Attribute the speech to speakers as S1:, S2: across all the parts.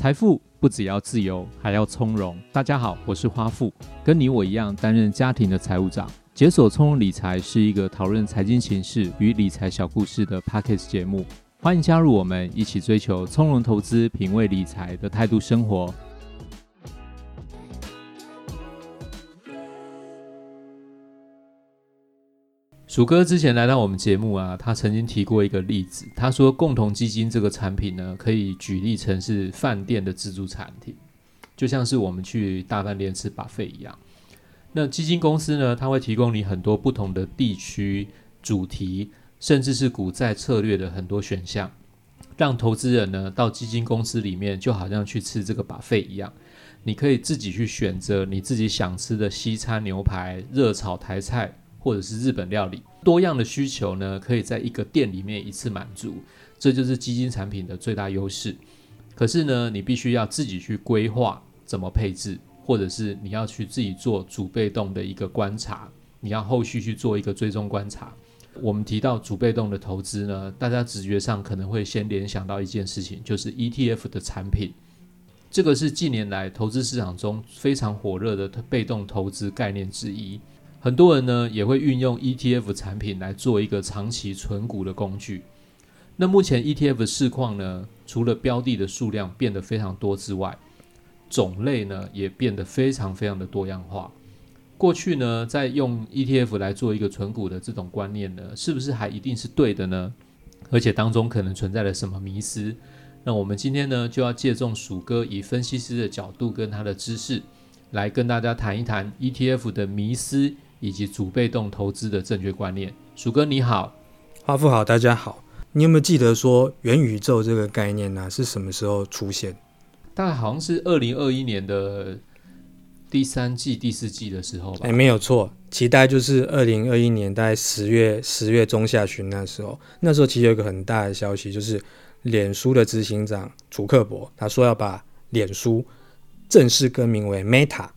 S1: 財富不只要自由，還要從容。大家好，我是花父，跟你我一樣擔任家庭的財務長。解鎖從容理財是一個討論財經情勢與理財小故事的 Podcast 節目，歡迎加入我們，一起追求從容投資、品味理財的態度生活。薯哥之前來到我們節目啊，他曾經提過一個例子，他說共同基金這個產品呢，可以舉例成是飯店的自助餐廳，就像是我們去大飯店吃 buffet 一樣。那基金公司呢，它會提供你很多不同的地區主題，甚至是股債策略的很多選項，讓投資人呢到基金公司裡面，就好像去吃這個 buffet 一樣，你可以自己去選擇你自己想吃的西餐牛排、熱炒台菜。或者是日本料理，多樣的需求呢，可以在一個店裡面一次滿足，這就是基金產品的最大優勢。可是呢，你必須要自己去規劃怎麼配置，或者是你要去自己做主被動的一個觀察，你要後續去做一個追蹤觀察。我們提到主被動的投資呢，大家直覺上可能會先聯想到一件事情，就是 ETF 的產品，這個是近年來投資市場中非常火熱的被動投資概念之一。很多人呢也會運用 ETF 產品來做一個長期存股的工具。那目前 ETF 的市況呢，除了標的的數量變得非常多之外，種類呢也變得非常非常的多樣化。過去呢，在用 ETF 來做一個存股的這種觀念呢，是不是還一定是對的呢？而且當中可能存在了什麼迷思？那我們今天呢，就要借重薯哥以分析師的角度跟他的知識，來跟大家談一談 ETF 的迷思。以及主被動投資的正確觀念，薯哥你好。
S2: 花父好，大家好。你有沒有記得說元宇宙這個概念呢、啊？是什麼時候出現？
S1: 大概好像是二零二一年的第三季、第四季的時候吧。哎、欸，
S2: 沒有錯，期待就是二零二一年大概十月、十月中下旬那時候，那時候其實有一個很大的消息，就是臉書的執行長祖克柏他說要把臉書正式更名為 Meta，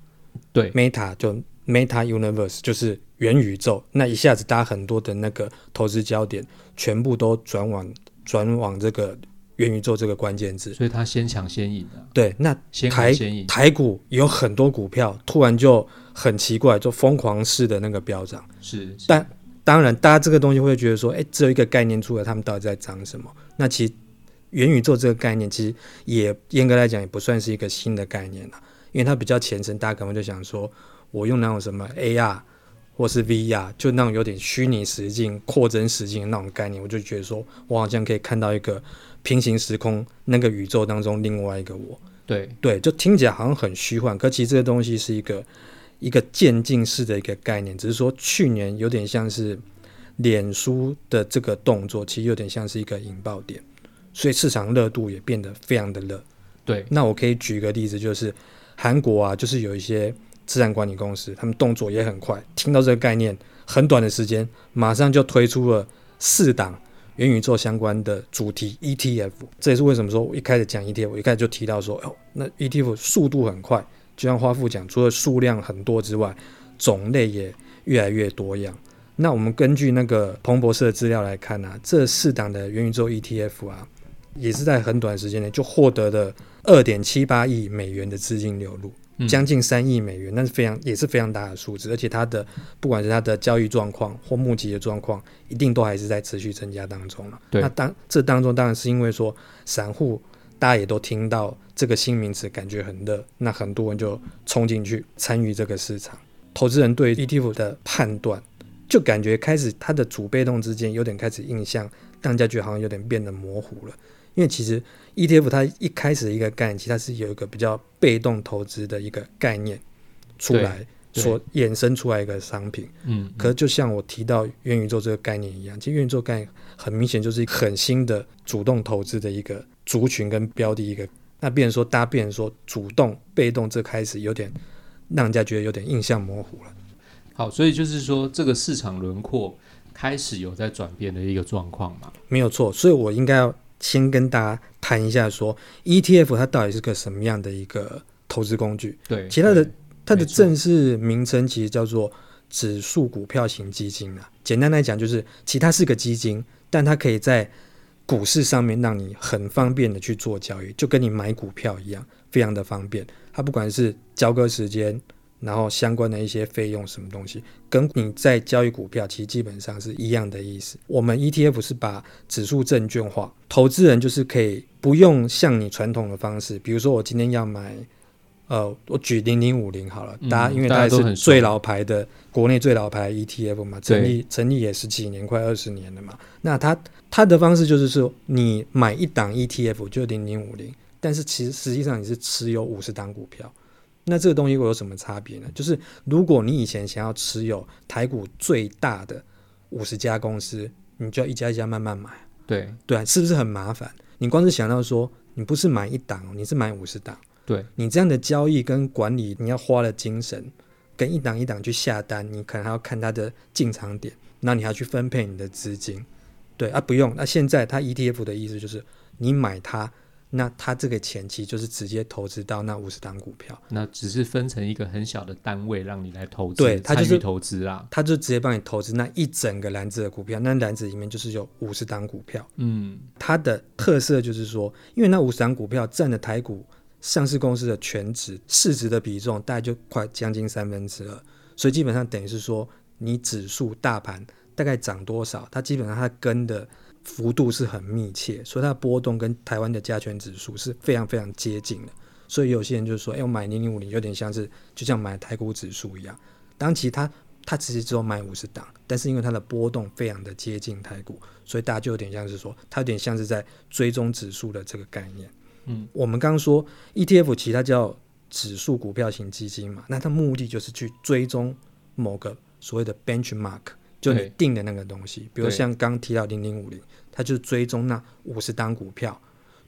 S2: 對，Meta 就。Meta Universe 就是元宇宙，那一下子大家很多的那個投資焦點全部都轉往轉往這個元宇宙這個關鍵字，所以他先搶先贏的。對，那先搶先贏，台股有很多股票突然就很奇怪，就瘋狂式的那個飆漲。是，但當然，大家這個東西會覺得說，誒、欸，只有一個概念出來，他們到底在漲什麼？那其實元宇宙這個概念，其實也嚴格來講，也不算是一個新的概念了、啊，因為它比較前誠。大家可能就想說。我用那種什麼 AR 或是 VR，就那種有點虛擬實境、擴增實境的那種概念，我就覺得說我好像可以看到一個平行時空、那個宇宙當中另外一個我。對對，就聽起來好像很虛幻，可其實這個東西是一個一個漸進式的一個概念，只是說去年有點像是臉書的這個動作，其實有點像是一個引爆點，所以市場熱度也變得非常的熱。對，那我可以舉一個例子，就是韓國啊，就是有一些。資產管理公司，他們動作也很快，聽到這個概念，很短的時間，馬上就推出了四檔元宇宙相關的主題 ETF。這也是為什麼說，我一開始講 ETF，我一開始就提到說，哦，那 ETF 速度很快，就像花父講，除了數量很多之外，種類也越來越多樣。那我們根據那個彭博社的資料來看呢、啊，這四檔的元宇宙 ETF 啊，也是在很短的時間內就獲得了二點七八億美元的資金流入。將近三億美元，那是非常也是非常大的數字，而且它的不管是它的交易狀況或募集的狀況，一定都還是在持續增加當中了。對那當這當中當然是因為說散戶大家也都聽到這個新名詞，感覺很熱，那很多人就衝進去參與這個市場。投資人對 ETF 的判斷就感覺開始它的主被動之間有點開始印象，大家覺得好像有點變得模糊了。因為其實 ETF 它一開始一個概念，其實它是有一個比較被動投資的一個概念出來，所衍生出來一個商品。嗯，可是就像我提到元宇宙這個概念一樣，嗯、其實元宇宙概念很明顯就是一個很新的主動投資的一個族群跟標的一個。那變成說搭，變成說主動被動，這開始有點讓人家覺得有點印象模糊了。
S1: 好，所以就是說這個市場輪廓開始有在轉變的一個狀況
S2: 嘛？沒有錯，所以我應該要。先跟大家談一下，說 ETF 它到底是個什麼樣的一個投資工具？對，其實它的它的正式名稱其實叫做指數股票型基金啊。簡單來講，就是其他是個基金，但它可以在股市上面讓你很方便的去做交易，就跟你買股票一樣，非常的方便。它不管是交割時間。然後相關的一些費用什麼東西，跟你在交易股票其實基本上是一樣的意思。我們 ETF 是把指數證券化，投資人就是可以不用像你傳統的方式，比如說我今天要買，呃，我舉零零五零好了，大家、嗯、因為大家都是最老牌的、嗯、國內最老牌 ETF 嘛，成立對成立也十幾年快二十年了嘛。那它它的方式就是說，你買一檔 ETF 就零零五零，但是其實實際上你是持有五十檔股票。那這個東西會有什麼差別呢？就是如果你以前想要持有台股最大的五十家公司，你就要一家一家慢慢買，對對，是不是很麻煩？你光是想到說，你不是買一檔，你是買五十檔，對你這樣的交易跟管理，你要花了精神，跟一檔一檔去下單，你可能還要看它的進場點，那你還要去分配你的資金，對啊，不用。那、啊、現在它 ETF 的意思就是，你買它。那他這個前期就是直接投資到那五十檔股票，
S1: 那只是分成一
S2: 個很小的單位讓你來投資，對，他就是，參與投資啊，他就直接幫你投資那一整個籃子的股票，那籃子裡面就是有五十檔股票。嗯，它的特色就是說，因為那五十檔股票佔的台股上市公司的全值市值的比重大概就快將近三分之二，所以基本上等於是說，你指數大盤大概漲多少，它基本上它跟的。幅度是很密切，所以它的波動跟台灣的加權指數是非常非常接近的。所以有些人就說，哎、欸，我買零零五零有點像是就像買台股指數一樣。當其他它它其實只有買五十檔，但是因為它的波動非常的接近台股，所以大家就有點像是說，它有點像是在追蹤指數的這個概念。嗯，我們剛剛說 ETF 其實它叫指數股票型基金嘛，那它目的就是去追蹤某個所謂的 benchmark。就你定的那個東西，對比如像剛提到零零五零，它就是追蹤那五十檔股票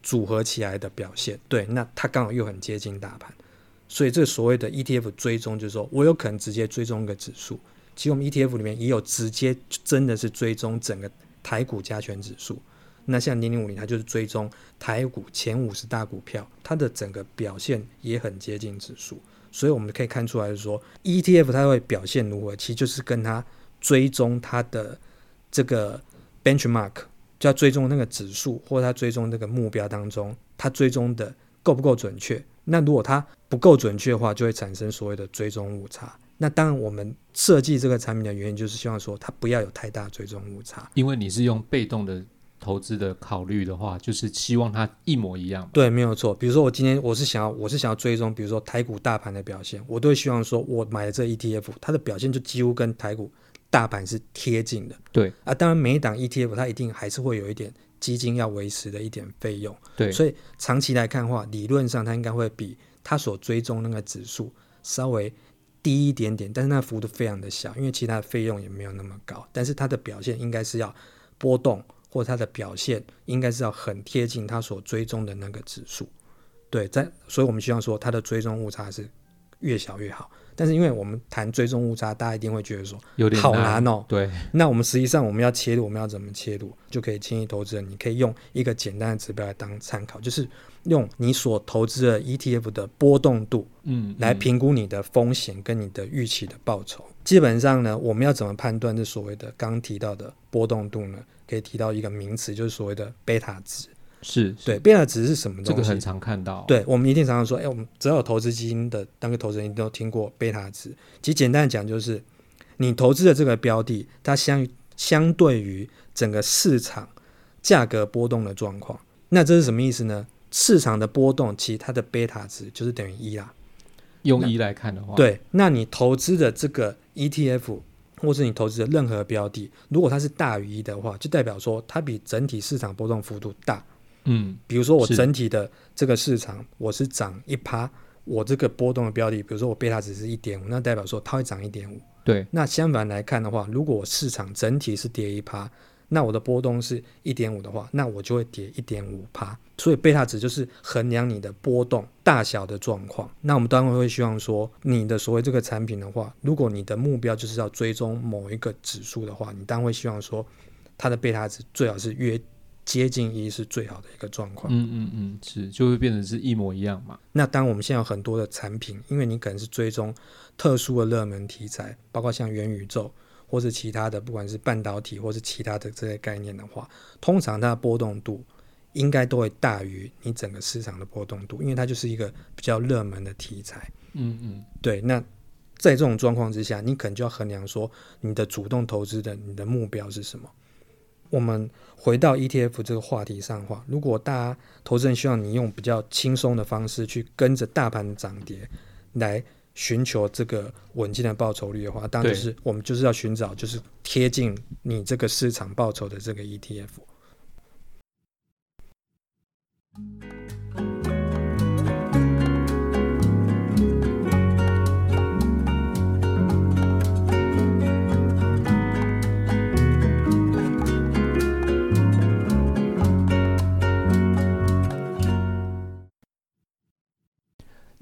S2: 組合起來的表現。對，那它剛好又很接近大盤，所以這所謂的 ETF 追蹤，就是說我有可能直接追蹤一個指數。其實我們 ETF 裡面也有直接真的是追蹤整個台股加權指數。那像零零五零，它就是追蹤台股前五十大股票，它的整個表現也很接近指數。所以我們可以看出來說，說 ETF 它會表現如何，其實就是跟它。追蹤它的這個 benchmark，就要追蹤那個指數，或者它追蹤那個目標當中，它追蹤的夠不夠準確？那如果它不夠準確的話，就會產生所謂的追蹤誤差。那當然，我們設計這個產品的原因就是希望說它不要有太大追蹤誤差。
S1: 因為你是用被動的投資的考慮的話，就是希望它一模一樣。對，沒有錯。比如說，我今
S2: 天我是想要，我是想要追蹤，比如說台股大盤的表現，我都會希望說我買的這 ETF，它的表現就幾乎跟台股。大盤是貼近的，對啊，當然每一檔 ETF 它一定還是會有一點基金要維持的一點費用，對，所以長期來看的話，理論上它應該會比它所追蹤的那個指數稍微低一點點，但是那幅度非常的小，因為其他的費用也沒有那麼高，但是它的表現應該是要波動，或者它的表現應該是要很貼近它所追蹤的那個指數，對，在，所以我們希望說它的追蹤誤差是越小越好。但是因為我們談追蹤誤差，大家一定會覺得說有點難好難哦。對，那我們實際上我們要切入，我們要怎麼切入就可以輕易投資了？你可以用一個簡單的指標來當參考，就是用你所投資的 ETF 的波動度，嗯，來評估你的風險跟你的預期的報酬。嗯嗯，基本上呢，我們要怎麼判斷這所謂的剛提到的波動度呢？可以提到一個名詞，就是所謂的貝塔值。
S1: 是對，貝塔
S2: 值是什麼東西？這個很
S1: 常看到哦。對，
S2: 我們一定常常說，哎，我們只要有投資基金的，當個投資人，一定都聽過貝塔值。其實簡單講，就是你投資的這個標的，它相相對於整個市場價格波動的狀況。那這是什麼意思呢？市場的波動，其實它的貝塔值就是等於一啦。用一來看的話，對，那你投資的這個 ETF，或是你投資的任何標的，如果它是大於一的話，就代表說它比整體市場波動幅度大。嗯，比如說我整體的這個市場是我是漲一趴，我這個波動的標的，比如說我貝塔值是一點五，那代表說它會漲一點五。對。那相反來看的話，如果我市場整體是跌一趴，那我的波動是一點五的話，那我就會跌一點五趴。所以貝塔值就是衡量你的波動大小的狀況。那我們當然會希望說，你的所謂這個產品的話，如果你的目標就是要追蹤某一個指數的話，你當然會希望說，它的貝塔值最好是約。接近一是最好的一個狀況，嗯。嗯
S1: 嗯嗯，是就會、是、變成是一模一樣嘛。
S2: 那當我們現在有很多的產品，因為你可能是追蹤特殊的熱門題材，包括像元宇宙，或是其他的，不管是半導體或是其他的這些概念的話，通常它的波動度應該都會大於你整個市場的波動度，因為它就是一個比較熱門的題材。嗯嗯，嗯對。那在這種狀況之下，你可能就要衡量說，你的主動投資的你的目標是什麼？我們回到 ETF 這個話題上的話，如果大家投資人希望你用比較輕鬆的方式去跟着大盤漲跌來尋求這個穩健的報酬率的話，當然就是，對我們就是要尋找就是貼近你這個市場報酬的這個 ETF。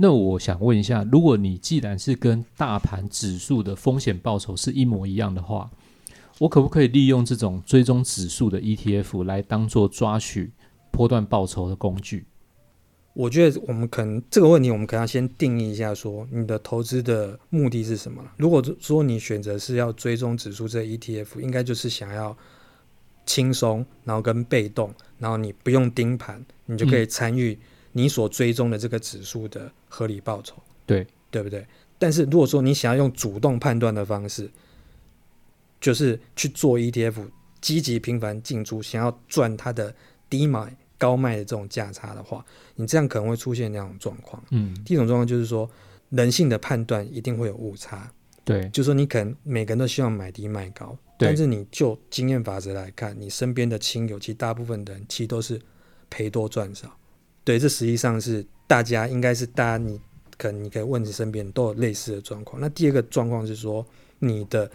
S1: 那我想問一下，如果你既然是跟大盤指數的風險報酬是一模一樣的話，我可不可以利用這種追蹤指數的 ETF 來當做抓取波段報酬的工具？我覺
S2: 得我們可能這個問題，我們可能要先定義一下說，說你的投資的目的是什麼？如果說你選擇是要追蹤指數這 ETF，應該就是想要輕鬆，然後跟被動，然後你不用盯盤，你就可以參與。嗯。你所追蹤的這個指數的合理報酬，對對不對？但是如果說你想要用主動判斷的方式，就是去做 ETF，積極頻繁進出，想要賺它的低買高賣的這種價差的話，你這樣可能會出現兩種狀況。嗯，第一種狀況就是說，人性的判斷一定會有誤差，對，就是說你可能每個人都希望買低賣高，對但是你就經驗法則來看，你身邊的親友其實大部分的人其實都是賠多賺少。對，這實際上是大家應該是大家，你可能你可以問你身邊都有類似的狀況。那第二個狀況是說，你的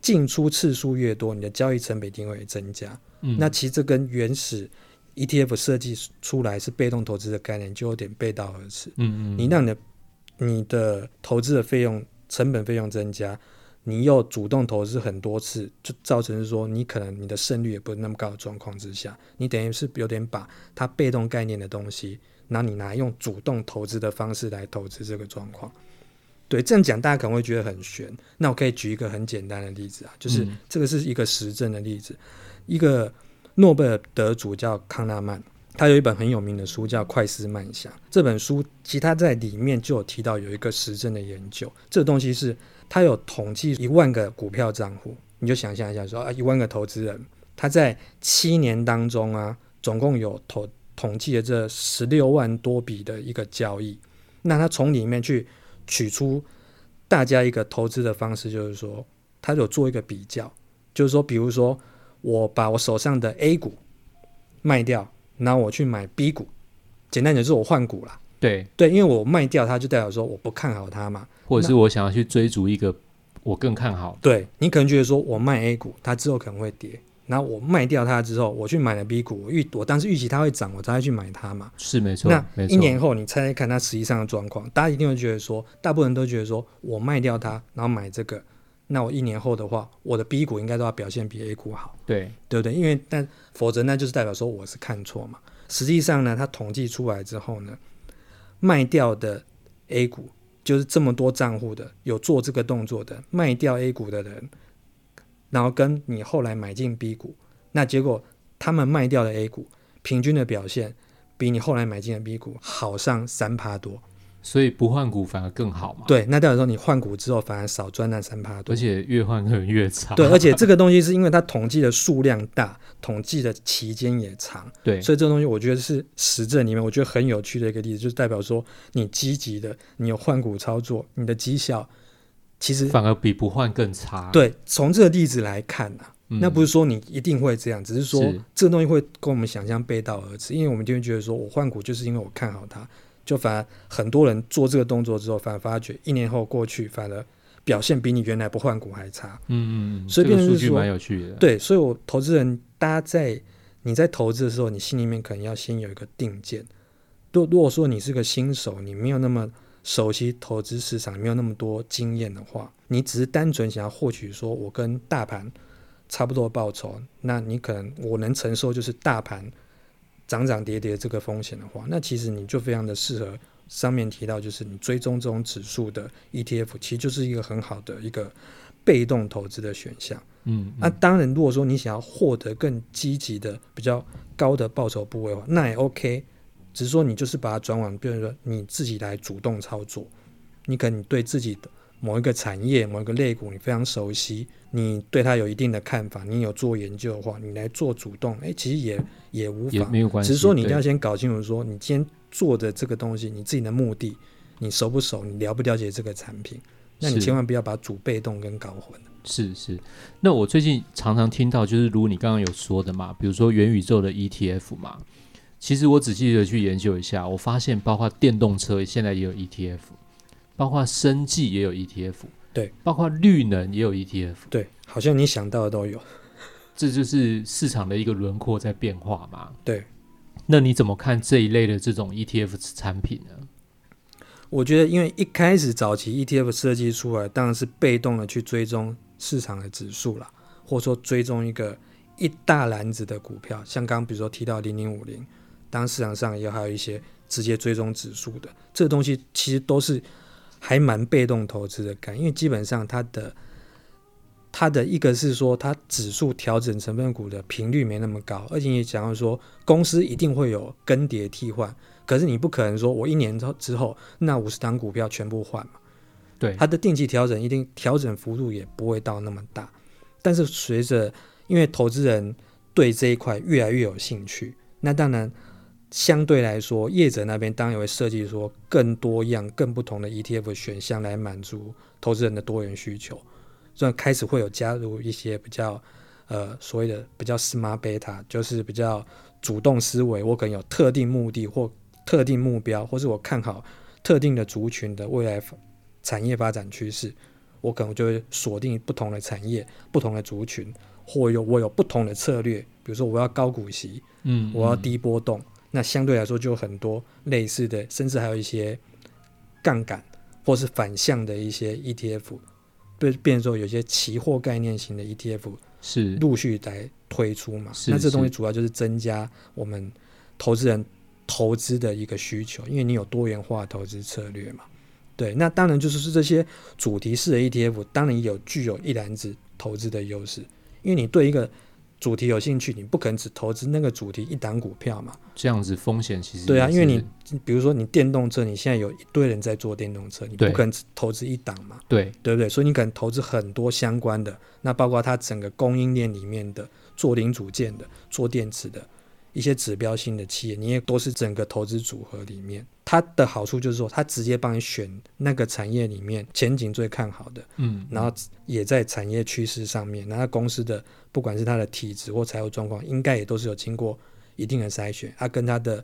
S2: 進出次數越多，你的交易成本一定會增加。嗯、那其實這跟原始 ETF 設計出來是被動投資的概念就有點背道而馳。嗯嗯，你讓你的你的投資的費用成本費用增加。你又主動投資很多次，就造成說你可能你的勝率也不是那麼高的狀況之下，你等於是有點把它被動概念的東西，那你拿來用主動投資的方式來投資這個狀況。對，這樣講大家可能會覺得很玄。那我可以舉一個很簡單的例子啊，就是、嗯、這個是一個實證的例子，一個諾貝爾得主叫康納曼，他有一本很有名的書叫《快思慢想》，這本書其實他在裡面就有提到有一個實證的研究，這個、東西是。他有統計一萬個股票賬戶，你就想象一下說，說啊一萬個投資人，他在七年當中啊，總共有投統計的這十六萬多筆的一個交易，那他從裡面去取出大家一個投資的方式，就是說他有做一個比較，就是說比如說我把我手上的 A 股賣掉，那我去買 B 股，簡單點說，我換股了。對對，因為我賣掉它，就代表說我不看好它嘛，或者是我
S1: 想要去追逐一個我更看好。
S2: 對，你可能覺得說，我賣 A 股，它之後可能會跌，那我賣掉它之後，我去買了 B 股，我預我當時預期它會漲，我才會去買它嘛。是沒錯，那沒錯，一年後你猜猜看它實際上的狀況，大家一定會覺得說，大部分人都覺得說我賣掉它，然後買這個，那我一年後的話，我的 B 股應該都要表現比 A 股好，對，對不對？因為但否則那就是代表說我是看錯嘛。實際上呢，它統計出來之後呢。賣掉的 A 股就是這麼多賬戶的有做這個動作的賣掉 A 股的人，然後跟你後來買進 B 股，那結果他們賣掉的 A 股平均的表現比你後來買進的 B 股好上三趴多。所以不換股反而更好嘛？對，那代表說你換股之後反而少賺那三
S1: 趴多，而且越換可能越差。對，而且這
S2: 個東西是因為它統計的數量大，統計的期間也長，對，所以這個東西我覺得是實證裡面我覺得很有趣的一個例子，就代表說你積極的，你有換股操作，你的績效其實反
S1: 而比不換更差。對，
S2: 從這個例子來看、啊嗯、那不是說你一定會這樣，只是說這個東西會跟我們想象背道而馳，是因為我們就會覺得說我換股就是因為我看好它。就反而很多人做這個動作之後，反而發覺一年後過去，反而表現比你原來不換股還差。嗯
S1: 嗯，所以變數據蠻有趣的。對，
S2: 所以我投資人，大家在你在投資的時候，你心裡面可能要先有一個定見。如如果說你是個新手，你沒有那麼熟悉投資市場，沒有那麼多經驗的話，你只是單純想要獲取說我跟大盤差不多報酬，那你可能我能承受就是大盤，漲漲跌跌這個風險的話，那其實你就非常的適合上面提到，就是你追蹤這種指數的 ETF，其實就是一個很好的一個被動投資的選項。嗯，嗯，那、啊、當然，如果說你想要獲得更積極的、比較高的報酬部位的話，那也 OK，只是說你就是把它轉往，比如說你自己來主動操作，你可能對自己的。某一個產業，某一個類股，你非常熟悉，你對它有一定的看法，你有做研究的話，你來做主動，誒、欸，其實也也無妨，也沒有關係。只是說你一定要先搞清楚說，說對你今天做的這個東西，你自己的目的，你熟不熟，你了不了解這個產品，是那你千萬不要把主被動跟搞
S1: 混。是是，那我最近常常聽到，就是如你剛剛有說的嘛，比如說元宇宙的 ETF 嘛，其實我仔細的去研究一下，我發現包括電動車現在也有 ETF。包括生計也有 ETF，對，包括綠能也有 ETF，對，好像你想到的都有，這就是市場的一個輪廓在變化嘛。對，那你怎麼看這一類的這種 ETF 產品呢？我覺得，因為一開始早期 ETF 設計出來，當然是被動的
S2: 去追蹤市場的指數了，或者說追蹤一個一大籃子的股票，像剛比如說提到零零五零，當然市場上也還有一些直接追蹤指數的，這個、東西其實都是。還蠻被動投資的感，因為基本上它的它的一個是說，它指數調整成分股的頻率沒那麼高，而且你想要說，公司一定會有更迭替換，可是你不可能說我一年之後之後那五十檔股票全部換嘛？對，它的定期調整一定調整幅度也不會到那麼大，但是隨着因為投資人對這一塊越來越有興趣，那當然。相對來說，業者那邊當然也會設計說更多樣、更不同的 ETF 選項來滿足投資人的多元需求。所以開始會有加入一些比較，呃，所謂的比較 smart beta，就是比較主動思維。我可能有特定目的或特定目標，或是我看好特定的族群的未來產業發展趨勢，我可能就會鎖定不同的產業、不同的族群，或有我有不同的策略。比如說，我要高股息，嗯，我要低波動。嗯。那相對來說就很多類似的，甚至還有一些槓桿或是反向的一些 ETF，對，變作有些期貨概念型的 ETF 是陸續來推出嘛？是那這東西主要就是增加我們投資人投資的一個需求，因為你有多元化投資策略嘛。對，那當然就是這些主題式的 ETF，當然也有具有一籃子投資的優勢，因為你對一個。主題有興趣，你不可能只投資那個主題一檔股票嘛？這樣子風險其實是對啊，因為你比如說你電動車，你現在有一堆人在做電動車，你不可能只投資一檔嘛？對，對不對？所以你可能投資很多相關的，對那包括它整個供應鏈裡面的做零組件的、做電池的。一些指標性的企業，你也都是整個投資組合裡面，它的好處就是說，它直接幫你選那個產業裡面前景最看好的，嗯，然後也在產業趨勢上面，那公司的不管是它的體質或財務狀況，應該也都是有經過一定的篩選，它、啊、跟它的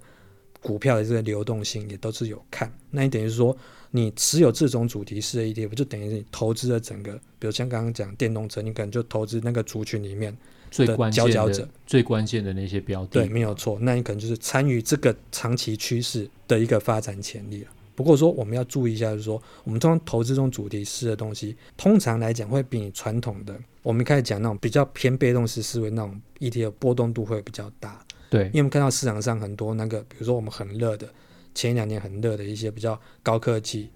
S2: 股票的這個流動性也都是有看。那你等於說，你持有這種主題式的 ETF，就等於是你投資了整個，比如像剛剛講電動車，你可能就投資那個族群裡面。最關鍵的佼佼者，最
S1: 關鍵的那些標的，對，沒
S2: 有錯。那你可能就是參與這個長期趨勢的一個發展潛力了。不過說我們要注意一下，就是說我們通常投資這種主題式的東西，通常來講會比你傳統的我們一開始講那種比較偏被動式思維那種 ETF 波動度會比較大。對，因為我們看到市場上很多那個，比如說我們很熱的前一兩年很熱的一些比較高科技、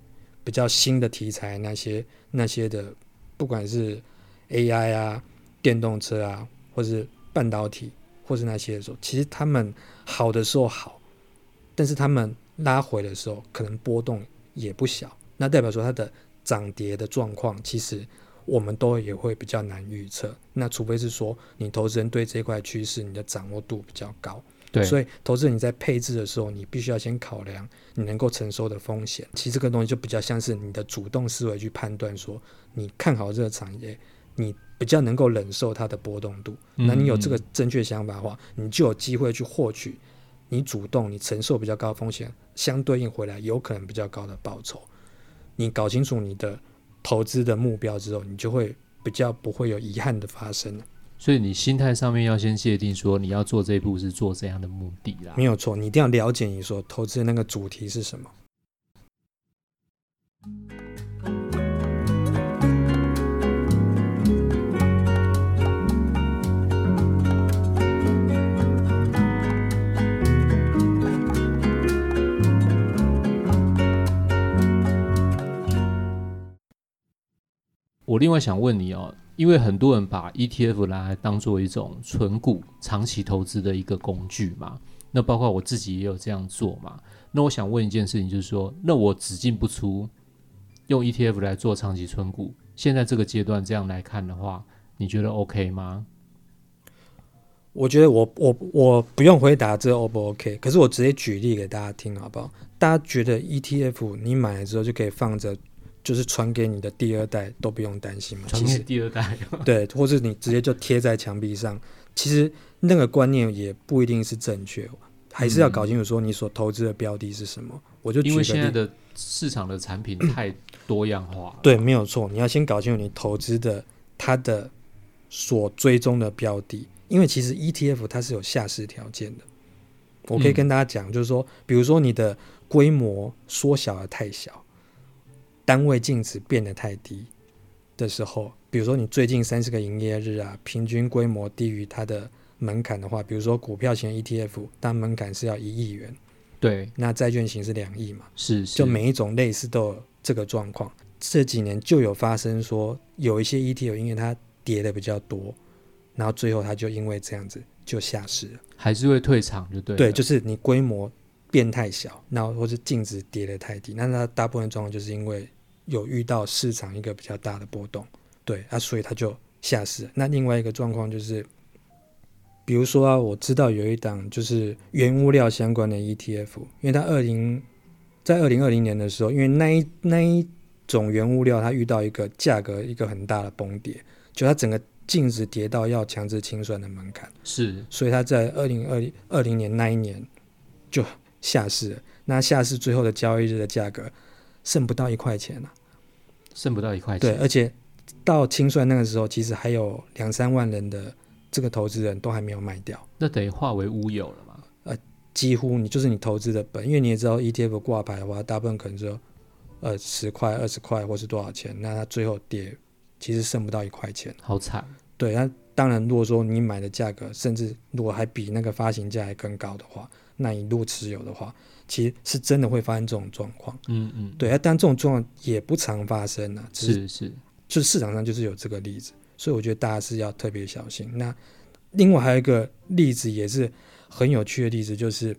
S2: 比較新的題材，那些那些的，不管是 AI 啊、電動車啊。或是半導體，或是那些的時候，其實他們好的時候好，但是他們拉回的時候，可能波動也不小。那代表說它的漲跌的狀況，其實我們都也會比較難預測。那除非是說你投資人對這塊趨勢你的掌握度比較高，對，所以投資人你在配置的時候，你必須要先考量你能夠承受的風險。其實這個東西就比較像是你的主動思維去判斷說，你看好這個產業，你，比較能夠忍受它的波動度，嗯、那你有這個正確想法的話，你就有機會去獲取，你主動你承受比較高風險，相對應回來有可能比較高的報酬。你搞清楚你的投資的目標之後，你就會比較不會有遺憾的發生。
S1: 所以你心態上面要先界定說，你要做這一步是做這樣的目的啦。沒有錯，
S2: 你一定要了解你說投資的那個主題是什麼。
S1: 我另外想問你哦，因為很多人把 ETF 拿來當做一種存股、長期投資的一個工具嘛，那包括我自己也有這樣做嘛。那我想問一件事情，就是說，那我只進不出，用 ETF 來做長期存股，現在這個階段這樣來看的話，你覺得 OK 嗎？
S2: 我覺得我我我不用回答這 O 不 OK，可是我直接舉例給大家聽好不好？大家覺得 ETF 你買了之後就可以放着？就是傳給你的第二代都不用擔心嘛，傳給第二代，對，或是你直接就貼在牆壁上， 其實那個觀念也不一定是正確，還是要搞清楚說你所投資的標的是什麼。嗯、我就因為現在的
S1: 市場的產品太多樣化，
S2: 對，沒有錯，你要先搞清楚你投資的它的所追蹤的標的，因為其實 ETF 它是有下市條件的，
S1: 我可以跟
S2: 大家講，就是說，比如說你的規模縮小的太小。單位淨值變得太低的時候，比如說你最近三十個營業日啊，平均規模低於它的門檻的話，比如說股票型 ETF，它門檻是要一億元，對，那債券型是兩億嘛，是，是，就每一種類似都有這個狀況。這幾年就有發生說，有一些 ETF 因為它跌得比較多，然後最後它就因為這樣子就下市
S1: 了，還是會退場，的對，對，就
S2: 是你規模變太小，那或是淨值跌得太低，那它大部分的狀況就是因為。有遇到市場一個比較大的波動，對啊，所以它就下市。那另外一個狀況就是，比如說啊，我知道有一檔就是原物料相關的 ETF，因為它二零在二零二零年的時候，因為那一那一種原物料它遇到一個價格一個很大的崩跌，就它整個淨值跌到要強制清算的門檻，是，所以它在二零二零二零年那一年就下市了。那下市最後的交易日的價格，剩不到一塊錢了、啊，剩不到一塊錢。對，而且到清算那個時候，其實還有兩三萬人的這個投資人都還沒有賣掉，那等於化為烏有了嘛？呃，幾乎你就是你投資的本，因為你也知道 ETF 掛牌的話，大部分可能說呃十塊、二十塊或是多少錢，那它最後跌，其實剩不到一塊錢。好慘。對，那當然如果說你買的價格，甚至如果還比那個發行價還更高的話，那一路持有的話。其實是真的會發生這種狀況，嗯嗯，對，但這種狀況也不常發生啊，是是，只是，就是市場上就是有這個例子，所以我覺得大家是要特別小心。那另外還有一個例子也是很有趣的例子，就是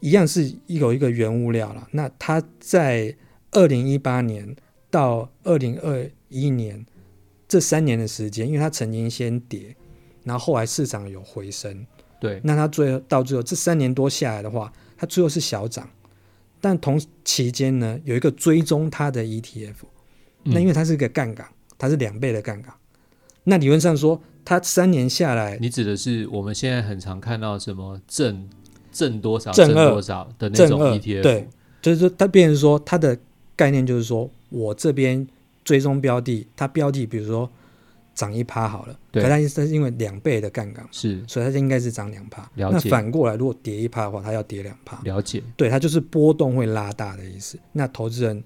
S2: 一樣是有一個原物料啦，那它在二零一八年到二零二一年這三年的時間，因為它曾經先跌，然後後來市場有回升，對，那它最後到最後這三年多下來的話。它最後是小漲，但同期間呢，有一個追蹤它的 ETF，、嗯、那因為它是一個槓桿，它是兩倍的槓桿，那理論上說，它三年下來，
S1: 你指的是我們現在很常看到什麼正正多少正二多少的那種 ETF，對，
S2: 就是它，變成說它的概念就是說我這邊追蹤標的，它標的比如說。漲一趴好了，對，可它是因為兩倍的槓桿，是，所以它應該是漲兩趴。
S1: 了解。那反過
S2: 來，如果跌一趴的話，它要跌兩趴。了解。對，它就是波動會拉大的意思。那投資人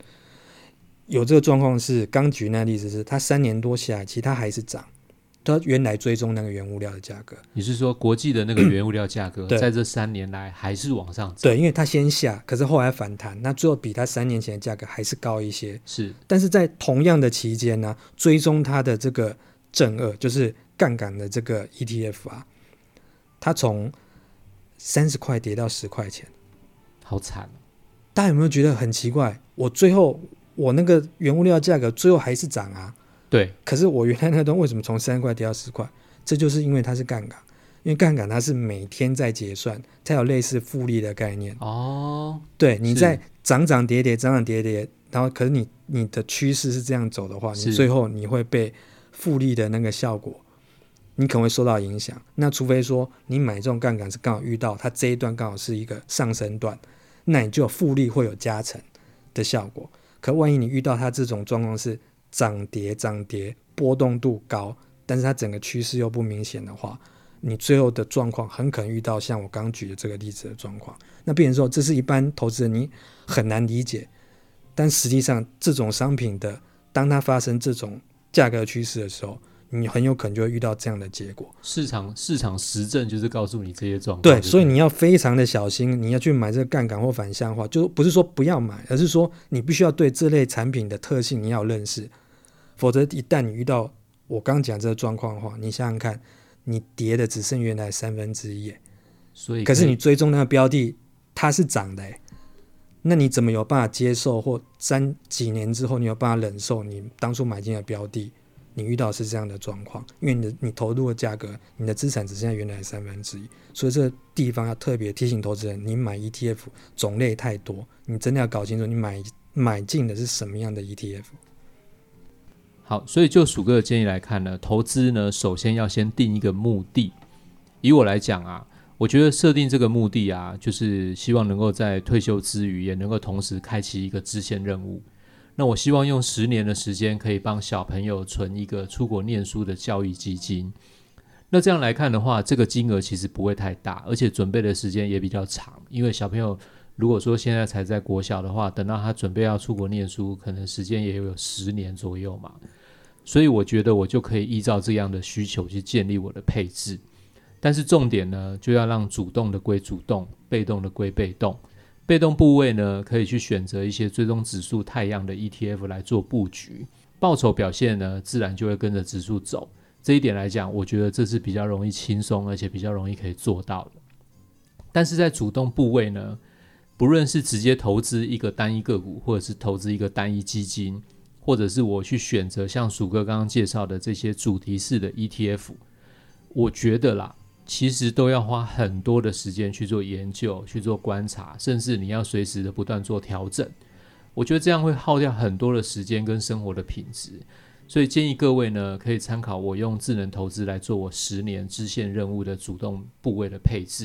S2: 有這個狀況是，剛舉那個例子是，它三年多下來，其實它還是漲。它原來追蹤那個原物料的價格，
S1: 你是說國際的那個原物料價格在這三年來還是往上漲？
S2: 對，對，因為它先下，可是後來反彈，那最後比它三年前的價格還是高一些。是。但是在同樣的期間呢，追蹤它的這個。正二就是槓桿的這個 ETF 啊，它從三十塊跌到十塊錢，
S1: 好慘！大
S2: 家有沒有覺得很奇怪？我最後我那個原物料價格最後還是漲啊，對。可是我原來那段為什麼從三十塊跌到十塊？這就是因為它是槓桿，因為槓桿它是每天在結算，它有類似複利的概念哦。對，你在漲漲跌跌，漲漲跌跌，然後可是你你的趨勢是這樣走的話，是你最後你會被。複利的那個效果，你可能會受到影響。那除非說你買這種槓桿是剛好遇到它這一段剛好是一個上升段，那你就有複利會有加成的效果。可萬一你遇到它這種狀況是漲跌漲跌，波動度高，但是它整個趨勢又不明顯的話，你最後的狀況很可能遇到像我剛舉的這個例子的狀況。那變成說這是一般投資人，你很難理解，但實際上這種商品的，當它發生這種。價格趨勢的時候，你很有可能就會遇到這樣的結果。
S1: 市場市場實證就是告訴你這些狀況，對，是不
S2: 是？所以你要非常的小心，你要去買這個槓桿或反向化，就不是說不要買，而是說你必須要對這類產品的特性你要有認識，否則一旦你遇到我剛講這個狀況的話，你想想看，你跌的只剩原來三分之一，
S1: 所以可以……可是你
S2: 追蹤那個標的它是漲的。那你怎麼有辦法接受，或三幾年之後你有辦法忍受你當初買進的標的，你遇到是這樣的狀況，因為你的你投入的價格，你的資產只剩下原來的三分之一，所以這個地方要特別提醒投資人，你買 ETF 種類太多，你真的要搞清楚你買買進的是什麼樣的 ETF。
S1: 好，所以就薯哥的建議來看呢，投資呢首先要先定一個目的，以我來講啊。我覺得設定這個目的啊，就是希望能夠在退休之餘，也能夠同時開啟一個支線任務。那我希望用十年的時間，可以幫小朋友存一個出國念書的教育基金。那這樣來看的話，這個金額其實不會太大，而且準備的時間也比較長。因為小朋友如果說現在才在國小的話，等到他準備要出國念書，可能時間也有有十年左右嘛。所以我覺得我就可以依照這樣的需求去建立我的配置。但是重點呢，就要讓主動的歸主動，被動的歸被動。被動部位呢，可以去選擇一些追蹤指數、太陽的 ETF 來做布局，報酬表現呢，自然就會跟着指數走。這一點來講，我覺得這是比較容易輕鬆，而且比較容易可以做到的。但是在主動部位呢，不論是直接投資一個單一個股，或者是投資一個單一基金，或者是我去選擇像薯哥剛剛介紹的這些主題式的 ETF，我覺得啦。其實都要花很多的時間去做研究、去做觀察，甚至你要隨時的不斷做調整。我覺得這樣會耗掉很多的時間跟生活的品質，所以建議各位呢，可以參考我用智能投資來做我十年支線任務的主動部位的配置，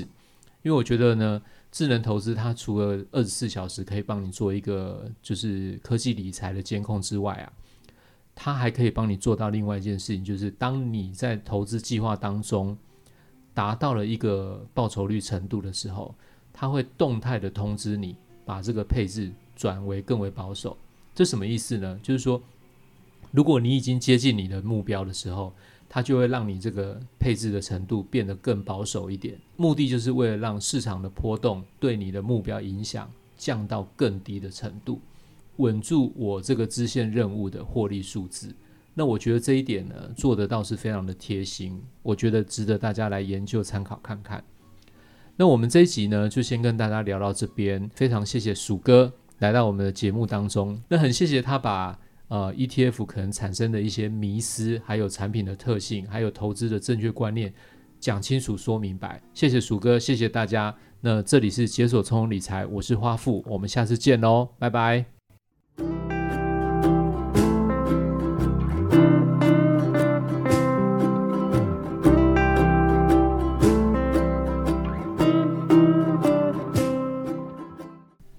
S1: 因為我覺得呢，智能投資它除了二十四小時可以幫你做一個就是科技理財的監控之外啊，它還可以幫你做到另外一件事情，就是當你在投資計劃當中。達到了一個報酬率程度的時候，它會動態的通知你把這個配置轉為更為保守。這什麼意思呢？就是說，如果你已經接近你的目標的時候，它就會讓你這個配置的程度變得更保守一點。目的就是為了讓市場的波動對你的目標影響降到更低的程度，穩住我這個支線任務的獲利數字。那我覺得這一點呢，做得倒是非常的貼心，我覺得值得大家來研究參考看看。那我們這一集呢，就先跟大家聊到這邊，非常謝謝薯哥來到我們的節目當中，那很謝謝他把呃 ETF 可能產生的一些迷思，還有產品的特性，還有投資的正確觀念講清楚說明白。謝謝薯哥，謝謝大家。那這裡是解鎖從容理財，我是花父，我們下次見嘍，拜拜。